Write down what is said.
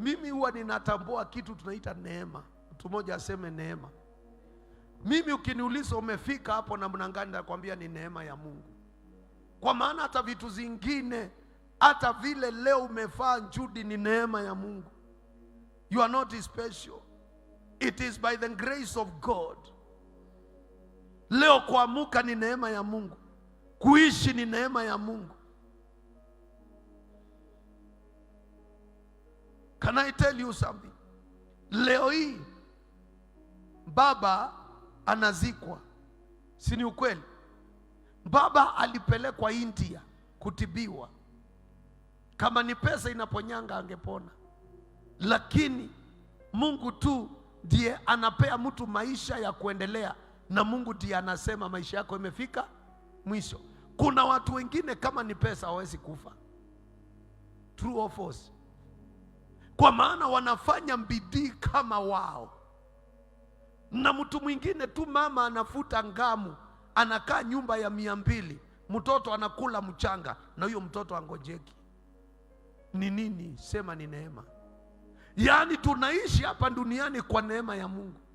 Mimi huwa ninatambua kitu tunaita neema. Mtu mmoja aseme neema. Mimi ukiniuliza umefika hapo namna gani, nakwambia ni neema ya Mungu, kwa maana hata vitu zingine, hata vile leo umevaa njudi, ni neema ya Mungu. You are not special, it is by the grace of God. Leo kuamuka ni neema ya Mungu, kuishi ni neema ya Mungu. Can I tell you something? Leo hii baba anazikwa, si ni ukweli? Baba alipelekwa India kutibiwa, kama ni pesa inaponyanga angepona, lakini Mungu tu ndiye anapea mtu maisha ya kuendelea, na Mungu ndiye anasema maisha yako imefika mwisho. Kuna watu wengine kama ni pesa hawezi kufa. True or false? kwa maana wanafanya bidii kama wao. Na mtu mwingine tu, mama anafuta ngamu, anakaa nyumba ya mia mbili, mtoto anakula mchanga, na huyo mtoto angojeki. Ni nini? Sema ni neema. Yaani tunaishi hapa duniani kwa neema ya Mungu.